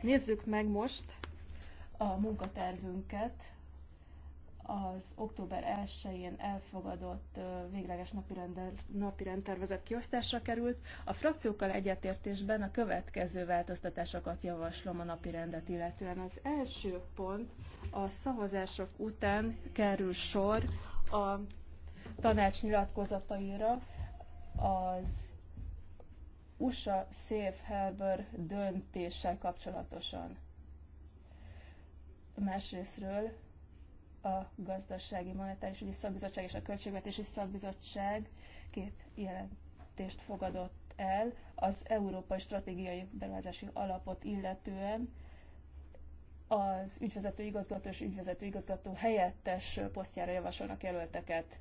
Nézzük meg most a munkatervünket, az október 1-én elfogadott végleges napirend tervezett kiosztásra került. A frakciókkal egyetértésben a következő változtatásokat javaslom a napirendet illetően. Az első pont a szavazások után kerül sor a tanács nyilatkozataira az USA Safe Harbor döntéssel kapcsolatosan. Másrésztről a Gazdasági Monetáris Ügyi Szakbizottság és a Költségvetési Szakbizottság két jelentést fogadott el az Európai Stratégiai Beruházási Alapot illetően, az ügyvezető igazgató és ügyvezető igazgató helyettes posztjára javasolnak jelölteket.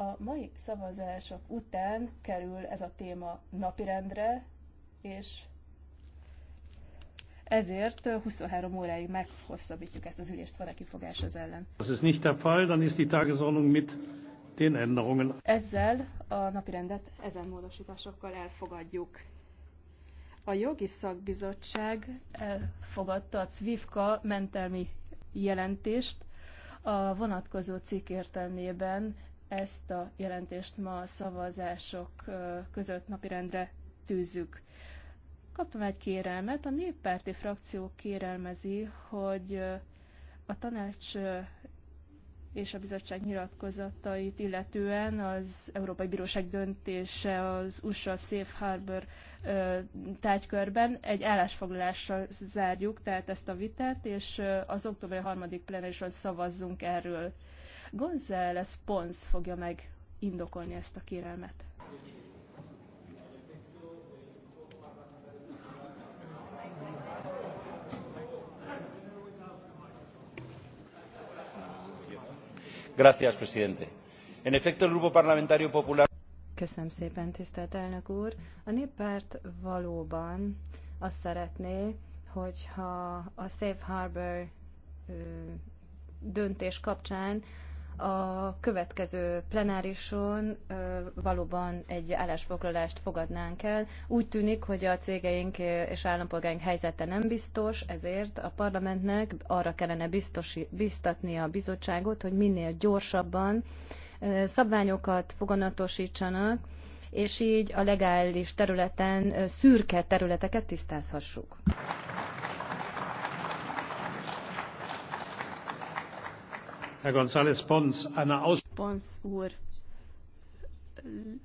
A mai szavazások után kerül ez a téma napirendre, és ezért 23 óráig meghosszabbítjuk ezt az ülést, van-e kifogás ez ellen. Das ist nicht der Fall, dann ist die Tagesordnung mit den Änderungen. Ezzel a napirendet ezen módosításokkal elfogadjuk. A jogi szakbizottság elfogadta a Cvivka mentelmi jelentést a vonatkozó cikk értelmében ezt a jelentést ma a szavazások között napirendre tűzzük. Kaptam egy kérelmet, a néppárti frakció kérelmezi, hogy a tanács és a bizottság nyilatkozatait, illetően az Európai Bíróság döntése az USA Safe Harbor ö, tárgykörben egy állásfoglalással zárjuk, tehát ezt a vitát, és az október 3. plenárisról szavazzunk erről. González Pons fogja meg indokolni ezt a kérelmet. Gracias, presidente. En efecto, el Grupo Parlamentario Popular. Köszönöm szépen, tisztelt elnök úr. A néppárt valóban azt szeretné, hogyha a Safe Harbor döntés kapcsán a következő plenárison valóban egy állásfoglalást fogadnánk el. Úgy tűnik, hogy a cégeink és állampolgáink helyzete nem biztos, ezért a parlamentnek arra kellene biztosi, biztatni a bizottságot, hogy minél gyorsabban szabványokat foganatosítsanak, és így a legális területen szürke területeket tisztázhassuk. Herr Pons, Pons úr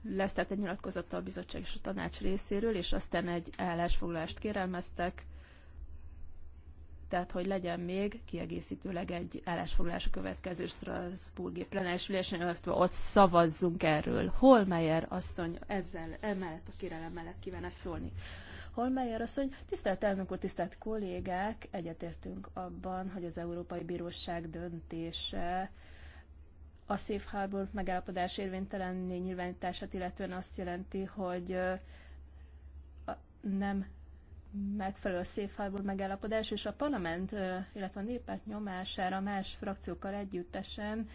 lesz tehát egy nyilatkozata a bizottság és a tanács részéről, és aztán egy állásfoglalást kérelmeztek, tehát hogy legyen még kiegészítőleg egy állásfoglalás a következő strasbourg plenáris ülésen, illetve ott szavazzunk erről. Holmeyer asszony ezzel emellett a kérelem mellett kívánna szólni. Holmeyer asszony, tisztelt elnök úr, tisztelt kollégák, egyetértünk abban, hogy az Európai Bíróság döntése a Safe Harbor megállapodás érvénytelenné nyilvánítását illetően azt jelenti, hogy nem megfelelő a Safe Harbor megállapodás, és a parlament, illetve a néppárt nyomására más frakciókkal együttesen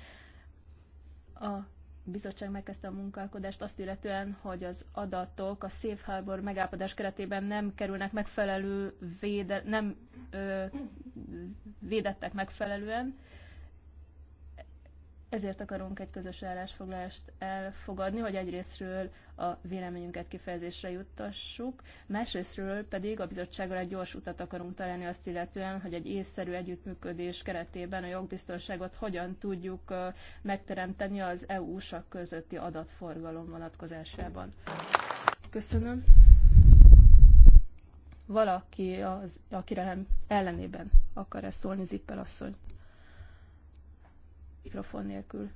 a bizottság megkezdte a munkálkodást azt illetően, hogy az adatok a Safe Harbor megállapodás keretében nem kerülnek megfelelő, véde, nem ö, védettek megfelelően, ezért akarunk egy közös állásfoglalást elfogadni, hogy egyrésztről a véleményünket kifejezésre juttassuk, másrésztről pedig a bizottsággal egy gyors utat akarunk találni azt illetően, hogy egy észszerű együttműködés keretében a jogbiztonságot hogyan tudjuk megteremteni az EU-sak közötti adatforgalom vonatkozásában. Köszönöm. Valaki, az, akire ellenében akar-e szólni, Zippel asszony mikrofon nélkül.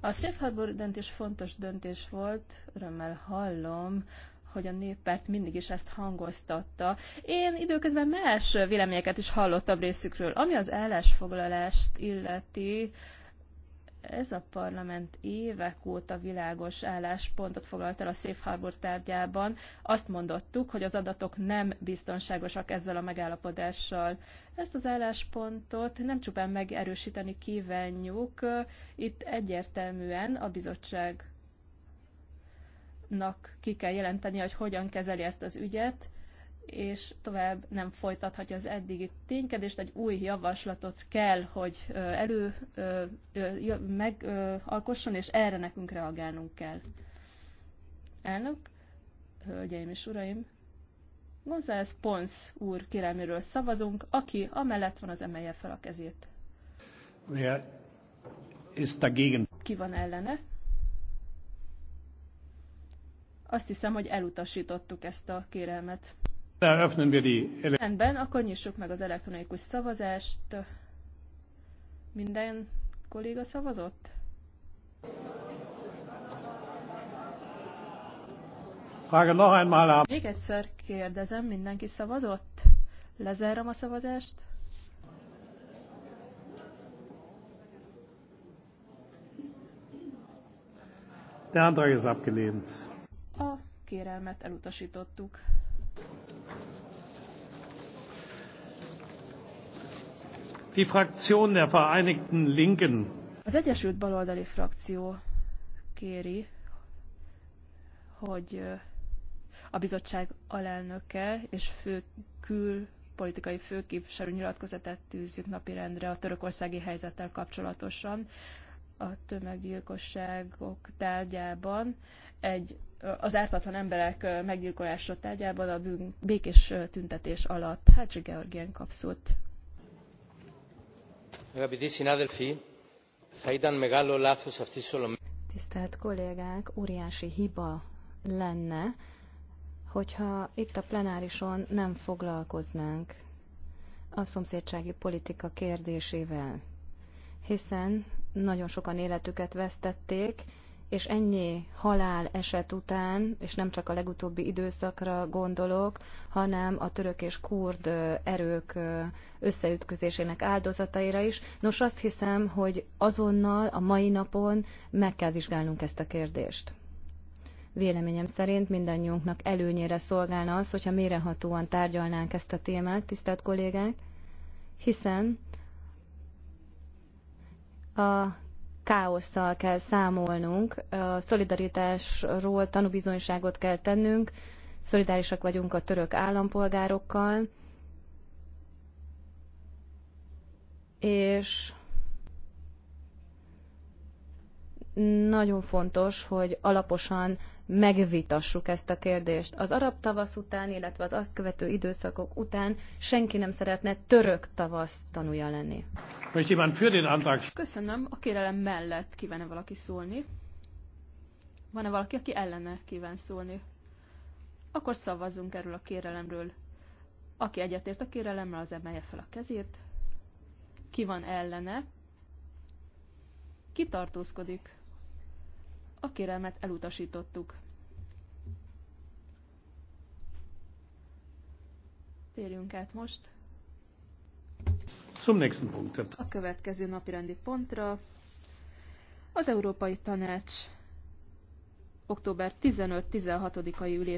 A Safe Harbor döntés fontos döntés volt, örömmel hallom, hogy a néppárt mindig is ezt hangoztatta. Én időközben más véleményeket is hallottam részükről. Ami az állásfoglalást illeti, ez a parlament évek óta világos álláspontot foglalt el a Safe Harbor tárgyában. Azt mondottuk, hogy az adatok nem biztonságosak ezzel a megállapodással. Ezt az álláspontot nem csupán megerősíteni kívánjuk, itt egyértelműen a bizottságnak ki kell jelenteni, hogy hogyan kezeli ezt az ügyet, és tovább nem folytathatja az eddigi ténykedést, egy új javaslatot kell, hogy elő megalkosson, és erre nekünk reagálnunk kell. Elnök, hölgyeim és uraim, González Pons úr kérelméről szavazunk, aki amellett van az emelje fel a kezét. Ki van ellene? Azt hiszem, hogy elutasítottuk ezt a kérelmet. Rendben, akkor nyissuk meg az elektronikus szavazást. Minden kolléga szavazott? Még egyszer kérdezem, mindenki szavazott? Lezárom a szavazást. Der Antrag ist abgelehnt. A kérelmet elutasítottuk. Die Fraktion der Vereinigten Linken. Az Egyesült Baloldali Frakció kéri, hogy a bizottság alelnöke és fő külpolitikai főképviselő nyilatkozatát tűzzük napirendre a törökországi helyzettel kapcsolatosan a tömeggyilkosságok tárgyában, egy, az ártatlan emberek meggyilkolása tárgyában a bűn, békés tüntetés alatt. Hácsi Georgien kap Tisztelt kollégák, óriási hiba lenne, hogyha itt a plenárison nem foglalkoznánk a szomszédsági politika kérdésével, hiszen nagyon sokan életüket vesztették, és ennyi halál eset után, és nem csak a legutóbbi időszakra gondolok, hanem a török és kurd erők összeütközésének áldozataira is. Nos, azt hiszem, hogy azonnal, a mai napon meg kell vizsgálnunk ezt a kérdést. Véleményem szerint mindannyiunknak előnyére szolgálna az, hogyha mérehatóan tárgyalnánk ezt a témát, tisztelt kollégák, hiszen a káosszal kell számolnunk, a szolidaritásról tanúbizonyságot kell tennünk, szolidárisak vagyunk a török állampolgárokkal, és nagyon fontos, hogy alaposan megvitassuk ezt a kérdést. Az arab tavasz után, illetve az azt követő időszakok után senki nem szeretne török tavasz tanulja lenni. Köszönöm. A kérelem mellett kívánne valaki szólni? Van-e valaki, aki ellene kíván szólni? Akkor szavazzunk erről a kérelemről. Aki egyetért a kérelemmel, az emelje fel a kezét. Ki van ellene? Ki tartózkodik? A kérelmet elutasítottuk. Térjünk át most. Zum nächsten Punkt. A következő napirendi pontra az Európai Tanács október 15-16-ai ülés